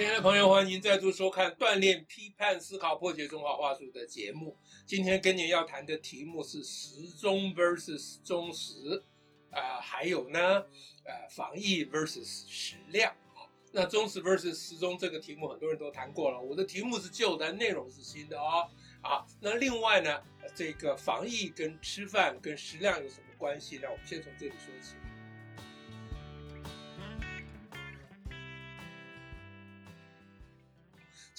親愛的朋友歡迎再度收看《鍛鍊批判思考破解中華話術》的節目。今天跟您要談的題目是時中 vs 中時，啊，還有呢，呃，防疫 vs 食量。好，那中時 vs 時中這個題目很多人都談過了，我的題目是舊的，內容是新的哦。好，那另外呢，這個防疫跟吃飯跟食量有什麼關係呢？我們先從這裡說起。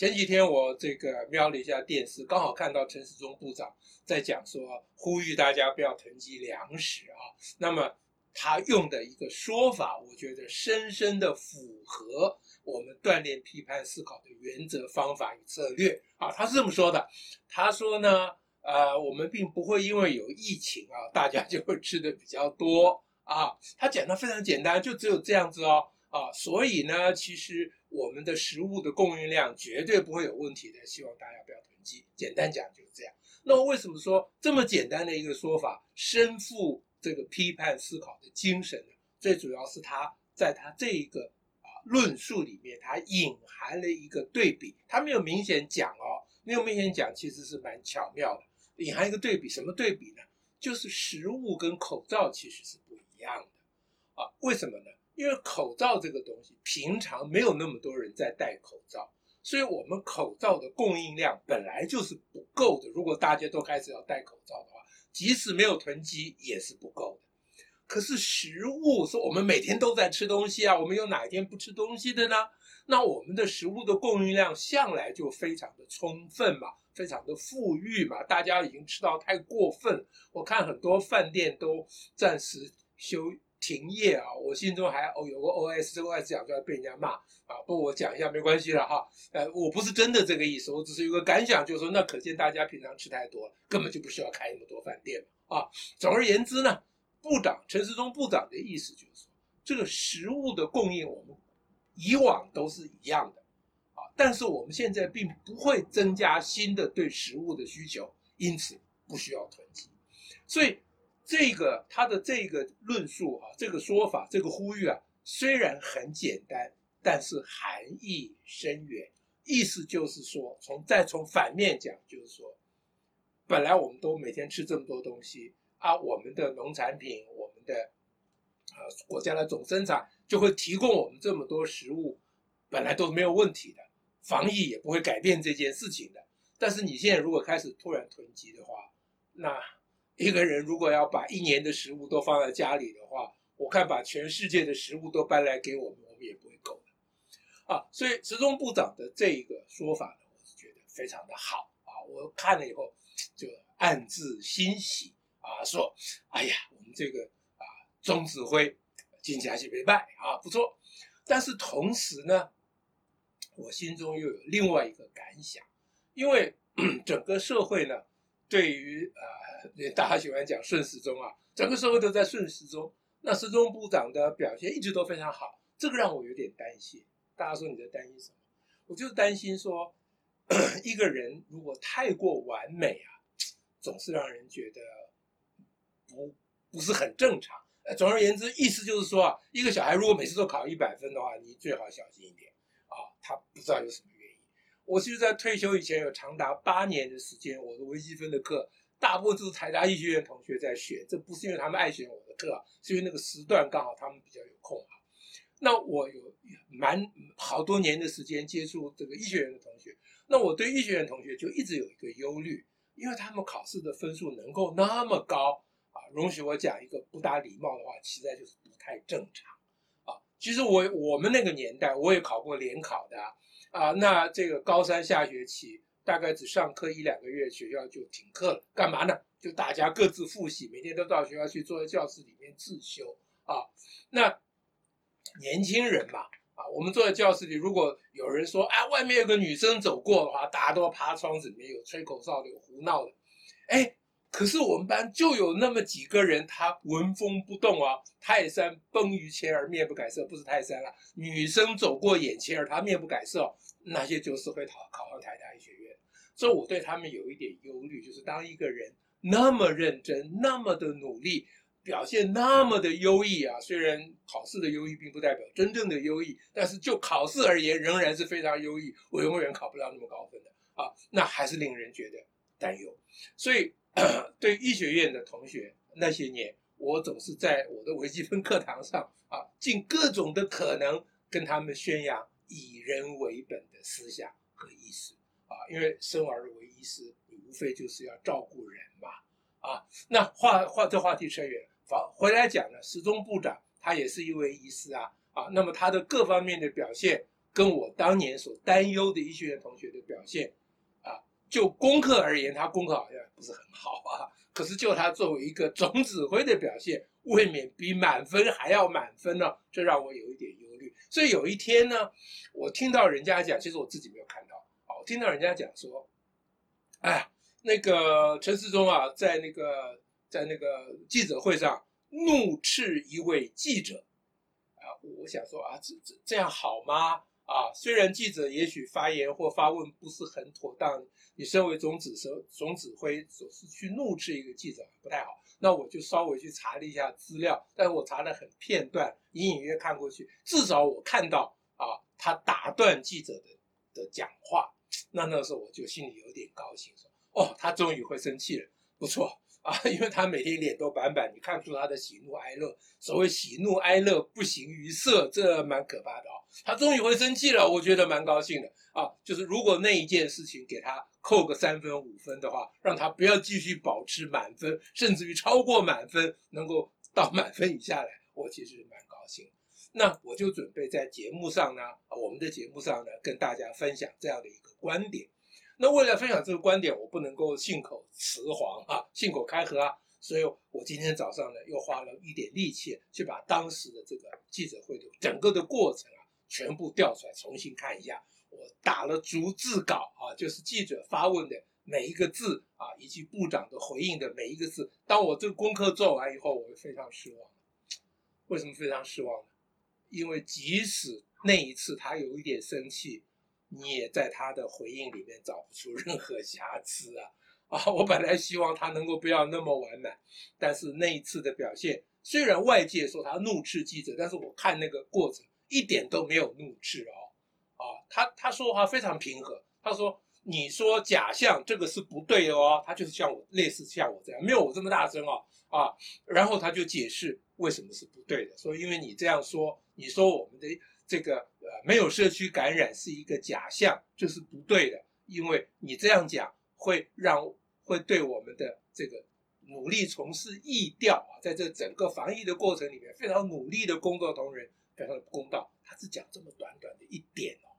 前幾天我這個瞄了一下電視，剛好看到陳時中部長在講說，呼籲大家不要囤積糧食啊。那麼他用的一個說法，我覺得深深的符合我們鍛鍊批判思考的原則、方法與策略啊。他是這麼說的，他說呢，呃，我們並不會因為有疫情啊，大家就會吃的比較多啊。他講的非常簡單，就只有這樣子哦啊，所以呢，其實。我們的食物的供應量絕對不會有問題的，希望大家不要囤積。簡單講就是這樣。那麼為什麼說這麼簡單的一個說法，身負這個批判思考的精神呢？最主要是他在他這一個啊論述裡面，他隱含了一個對比，他沒有明顯講哦，沒有明顯講，其實是蠻巧妙的，隱含一個對比，什麼對比呢？就是食物跟口罩其實是不一樣的啊，為什麼呢？因為口罩這個東西平常沒有那麼多人在戴口罩，所以我們口罩的供應量本來就是不夠的。如果大家都開始要戴口罩的話，即使沒有囤積也是不夠的。可是食物，說我們每天都在吃東西啊，我們有哪一天不吃東西的呢？那我們的食物的供應量向來就非常的充分嘛，非常的富裕嘛。大家已經吃到太過分了，我看很多飯店都暫時休。停業啊！我心中還哦有個 OS，這個 OS 講出來被人家罵啊。不過我講一下沒關係了哈。呃，我不是真的這個意思，我只是有個感想，就是說那可見大家平常吃太多了，根本就不需要開那麼多飯店嘛啊。總而言之呢，部長陳時中部長的意思就是說，這個食物的供應我們以往都是一樣的啊，但是我們現在並不會增加新的對食物的需求，因此不需要囤積，所以。這個他的這個論述啊，這個說法，這個呼籲啊，雖然很簡單，但是含義深遠。意思就是說，從再從反面講，就是說，本來我們都每天吃這麼多東西啊，我們的農產品，我們的啊國家的總生產就會提供我們這麼多食物，本來都沒有問題的，防疫也不會改變這件事情的。但是你現在如果開始突然囤積的話，那。一個人如果要把一年的食物都放在家裡的話，我看把全世界的食物都搬來給我們，我們也不會夠的啊。所以，時中部長的這一個說法呢，我是覺得非常的好啊。我看了以後就暗自欣喜啊，說：“哎呀，我們這個啊，總指揮敬茶去陪敗啊，不錯。”但是同時呢，我心中又有另外一個感想，因為整個社會呢，對於啊。對，大家喜歡講順時鐘啊，整個社會都在順時鐘。那時中部長的表現一直都非常好，這個讓我有點擔心。大家說你在擔心什麼？我就是擔心說，一個人如果太過完美啊，總是讓人覺得不，不是很正常。總而言之，意思就是說啊，一個小孩如果每次都考一百分的話，你最好小心一點啊，哦，他不知道有什麼原因。我其實在退休以前有長達八年的時間，我的微積分的課。大部分都是台大醫學院同學在學，這不是因為他們愛選我的課，啊，是因為那個時段剛好他們比較有空啊。那我有蠻好多年的時間接觸這個醫學院的同學，那我對醫學院同學就一直有一個憂慮，因為他們考試的分數能夠那麼高啊，容許我講一個不大禮貌的話，實在就是不太正常啊。其實我我們那個年代，我也考過聯考的啊，那這個高三下學期。大概只上課一兩個月，學校就停課了。幹嘛呢？就大家各自複習，每天都到學校去坐在教室裡面自修啊。那年輕人嘛，啊，我們坐在教室裡，如果有人說啊，外面有個女生走過的話，大家都趴窗子，裡面有吹口哨的，有胡鬧的。哎，可是我們班就有那麼幾個人，他聞風不動啊，泰山崩於前而面不改色，不是泰山了，啊。女生走過眼前而他面不改色，那些就是會考考上台大醫學院。所以我對他們有一點憂慮，就是當一個人那麼認真、那麼的努力，表現那麼的優異啊，雖然考試的優異並不代表真正的優異，但是就考試而言仍然是非常優異。我永遠考不了那麼高分的啊，那還是令人覺得擔憂。所以 對醫學院的同學，那些年我總是在我的微積分課堂上啊，盡各種的可能跟他們宣揚以人為本的思想和意識。啊，因為生而為醫師，你無非就是要照顧人嘛。啊，那話話這話題扯遠，反回來講呢，時中部長他也是一位醫師啊，啊，那麼他的各方面的表現，跟我當年所擔憂的醫學院同學的表現，啊，就功課而言，他功課好像不是很好啊。可是就他作為一個總指揮的表現，未免比滿分還要滿分呢，這讓我有一點憂慮。所以有一天呢，我聽到人家講，其實我自己沒有看到。聽到人家講說，哎呀，那個陳時中啊，在那個在那個記者會上怒斥一位記者，啊，我想說啊，這這這樣好嗎？啊，雖然記者也許發言或發問不是很妥當，你身為總指手總指揮總是去怒斥一個記者不太好。那我就稍微去查了一下資料，但是我查得很片段，隱隱約約看過去，至少我看到啊，他打斷記者的的講話。那那時候我就心裡有點高興說，說哦，他終於會生氣了，不錯啊，因為他每天臉都板板，你看不出他的喜怒哀樂。所謂喜怒哀樂不形於色，這蠻可怕的哦。他終於會生氣了，我覺得蠻高興的啊。就是如果那一件事情給他扣個三分五分的話，讓他不要繼續保持滿分，甚至於超過滿分，能夠到滿分以下來，我其實蠻高興的。那我就準備在節目上呢，啊，我們的節目上呢，跟大家分享這樣的一個觀點。那為了分享這個觀點，我不能夠信口雌黃啊，信口開河啊，所以我今天早上呢，又花了一點力氣去把當時的這個記者會的整個的過程啊，全部調出來重新看一下。我打了逐字稿啊，就是記者發問的每一個字啊，以及部長的回應的每一個字。當我這個功課做完以後，我就非常失望。為什麼非常失望呢？因為即使那一次他有一點生氣，你也在他的回應裡面找不出任何瑕疵啊！啊，我本來希望他能夠不要那麼完美，但是那一次的表現，雖然外界說他怒斥記者，但是我看那個過程一點都沒有怒斥哦，啊，他他說話非常平和，他說你說假象這個是不對的哦，他就是像我類似像我這樣，沒有我這麼大聲哦，啊，然後他就解釋為什麼是不對的，說因為你這樣說。你說我們的這個呃沒有社區感染是一個假象，這，就是不對的，因為你這樣講會讓會對我們的這個努力從事疫調啊，在這整個防疫的過程裡面非常努力的工作同仁非常的不公道，他只講這麼短短的一點哦，啊。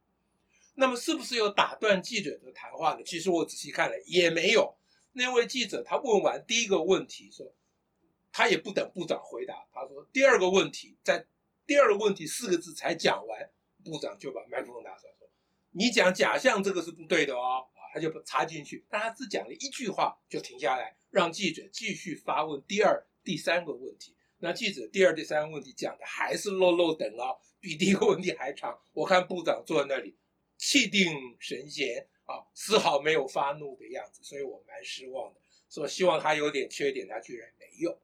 那麼是不是有打斷記者的談話呢？其實我仔細看了也沒有，那位記者他問完第一個問題說，他也不等部長回答，他說第二個問題在。第二個問題四個字才講完，部長就把麥克風拿出來，說：“你講假象這個是不對的哦。啊”他就插進去，但他只講了一句話就停下來，讓記者繼續發問。第二、第三個問題，那記者第二、第三個問題講的還是落落等啊，比第一個問題還長。我看部長坐在那裡，氣定神閒啊，絲毫沒有發怒的樣子，所以我蠻失望的。說希望他有點缺點，他居然沒有。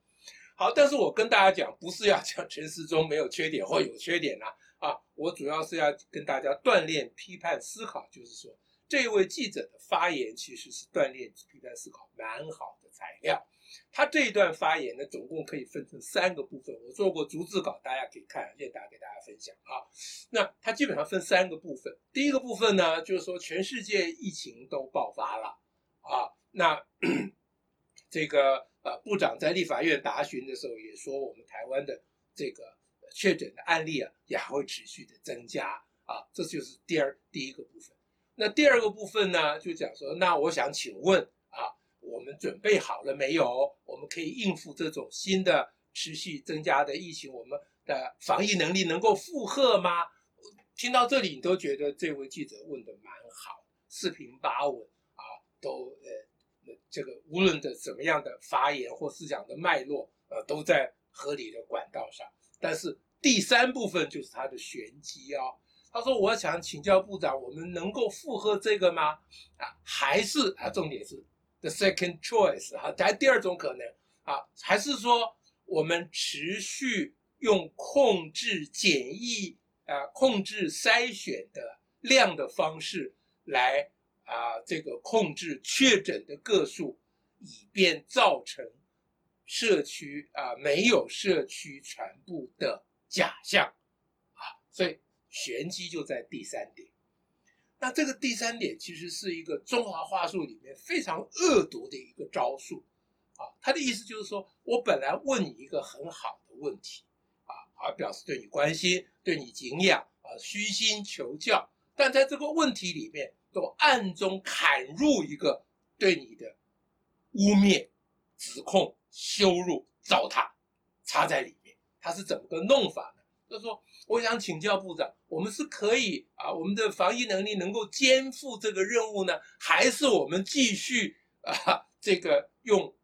好，但是我跟大家講，不是要講陳時中沒有缺點或有缺點啦，啊，啊，我主要是要跟大家鍛鍊批判思考，就是說這一位記者的發言其實是鍛鍊批判思考蠻好的材料。他這一段發言呢，總共可以分成三個部分，我做過逐字稿，大家可以看，大家給大家分享啊。那他基本上分三個部分，第一個部分呢，就是說全世界疫情都爆發了啊，那這個。部長在立法院答詢的時候也說，我們台灣的這個確診的案例啊，也還會持續的增加啊，這就是第二第一個部分。那第二個部分呢，就講說，那我想請問啊，我們準備好了沒有？我們可以應付這種新的持續增加的疫情，我們的防疫能力能夠負荷嗎？聽到這裡，你都覺得這位記者問的蠻好，四平八穩啊，都呃。這個無論的怎麼樣的發言或思想的脈絡，呃，都在合理的管道上。但是第三部分就是他的玄機哦。他說：“我想請教部長，我們能夠符合這個嗎？啊，還是啊？重點是 the second choice，好，啊，來第二種可能，啊，還是說我們持續用控制檢疫啊控制篩選的量的方式來。”啊，這個控制確診的個數，以便造成社區啊沒有社區傳播的假象啊，所以玄機就在第三點。那這個第三點其實是一個中華話術裡面非常惡毒的一個招數啊，他的意思就是說我本來問你一個很好的問題啊，啊表示對你關心、對你敬仰啊，虛心求教，但在這個問題裡面。都暗中崁入一個對你的污衊、指控、羞辱、糟蹋，插在裡面，他是怎麼個弄法呢？他說：“我想請教部長，我們是可以啊，我們的防疫能力能夠肩負這個任務呢，還是我們繼續啊，這個用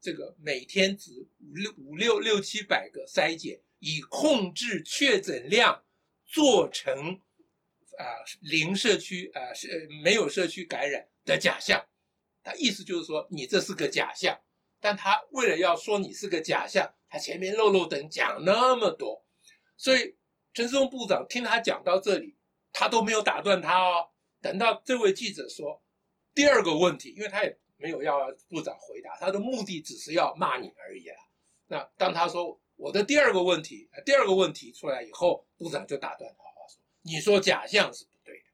這個每天只五六五六六七百個篩檢，以控制確診量，做成？”啊、呃，零社區啊，是、呃、沒有社區感染的假象。他意思就是說，你這是個假象。但他為了要說你是個假象，他前面漏漏等講那麼多，所以陳時中部長聽他講到這裡，他都沒有打斷他哦。等到這位記者說第二個問題，因為他也沒有要部長回答，他的目的只是要罵你而已了。那當他說我的第二個問題，第二個問題出來以後，部長就打斷他。你說假象是不對的，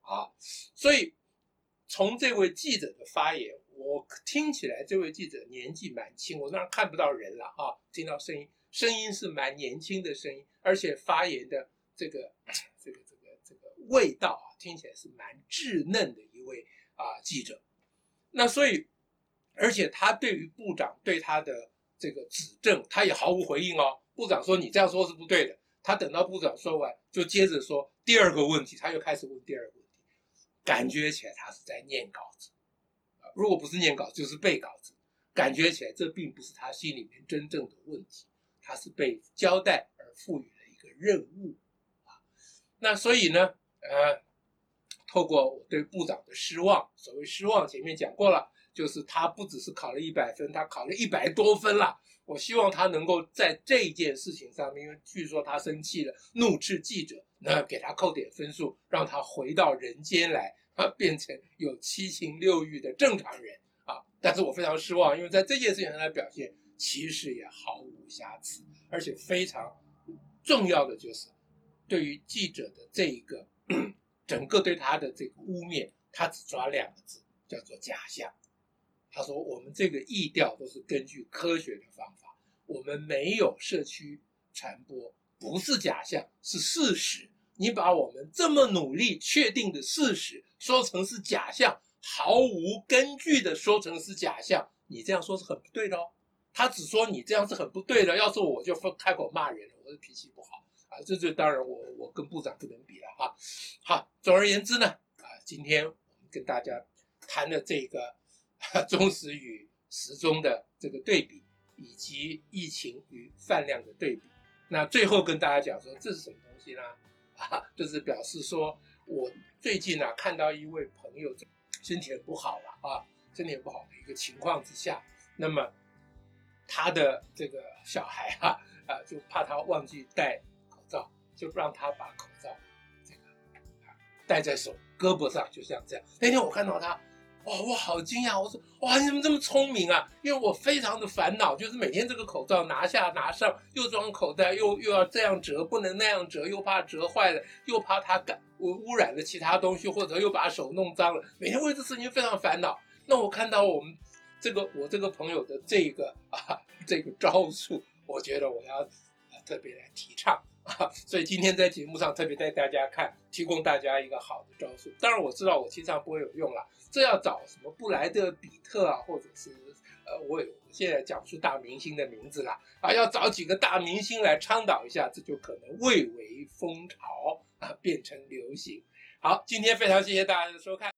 啊，所以從這位記者的發言，我聽起來這位記者年紀蠻輕，我當然看不到人了啊，聽到聲音，聲音是蠻年輕的聲音，而且發言的這個這個這個這個味道啊，聽起來是蠻稚嫩的一位啊記者，那所以，而且他對於部長對他的這個指正，他也毫無回應哦。部長說你這樣說是不對的。他等到部長說完，就接着說第二個問題，他又開始問第二個問題，感覺起來他是在念稿子，如果不是念稿子，就是背稿子，感覺起來這並不是他心裡面真正的問題，他是被交代而賦予了一個任務啊。那所以呢，呃，透過我對部長的失望，所謂失望前面講過了，就是他不只是考了一百分，他考了一百多分了。我希望他能夠在這件事情上面，因為據說他生氣了，怒斥記者，那給他扣點分數，讓他回到人間來，啊，變成有七情六欲的正常人啊！但是我非常失望，因為在這件事情上的表現其實也毫無瑕疵，而且非常重要的就是，對於記者的這一個整個對他的這個污衊，他只抓兩個字，叫做假象。他說：“我們這個疫調都是根據科學的方法，我們沒有社區傳播，不是假象，是事實。你把我們這麼努力確定的事實說成是假象，毫無根據的說成是假象，你這樣說是很不對的哦。他只說你這樣是很不對的，要是我就分開口罵人了，我的脾氣不好啊。這這當然，我我跟部長不能比了哈。好，總而言之呢，啊，今天我們跟大家談的這個。”中時與時中的這個對比，以及疫情與飯量的對比。那最後跟大家講說，這是什麼東西呢？啊，就是表示說，我最近啊看到一位朋友身體很不好了啊，啊，身體很不好的一個情況之下，那麼他的這個小孩啊啊，就怕他忘記戴口罩，就讓他把口罩這個啊戴在手胳膊上，就像這樣。那天我看到他。哇、哦，我好驚訝！我說，哇，你怎麼這麼聰明啊？因為我非常的煩惱，就是每天這個口罩拿下拿上，又裝口袋，又又要這樣折，不能那樣折，又怕折壞了，又怕它干我污染了其他東西，或者又把手弄髒了。每天為這事情非常煩惱。那我看到我們這個我這個朋友的這個啊這個招數，我覺得我要啊特別來提倡。啊，所以今天在節目上特別帶大家看，提供大家一個好的招數。當然我知道我提倡不會有用了，這要找什麼布萊德彼特啊，或者是呃，我也我現在講不出大明星的名字了啊，要找幾個大明星來倡導一下，這就可能蔚為風潮啊，變成流行。好，今天非常謝謝大家的收看。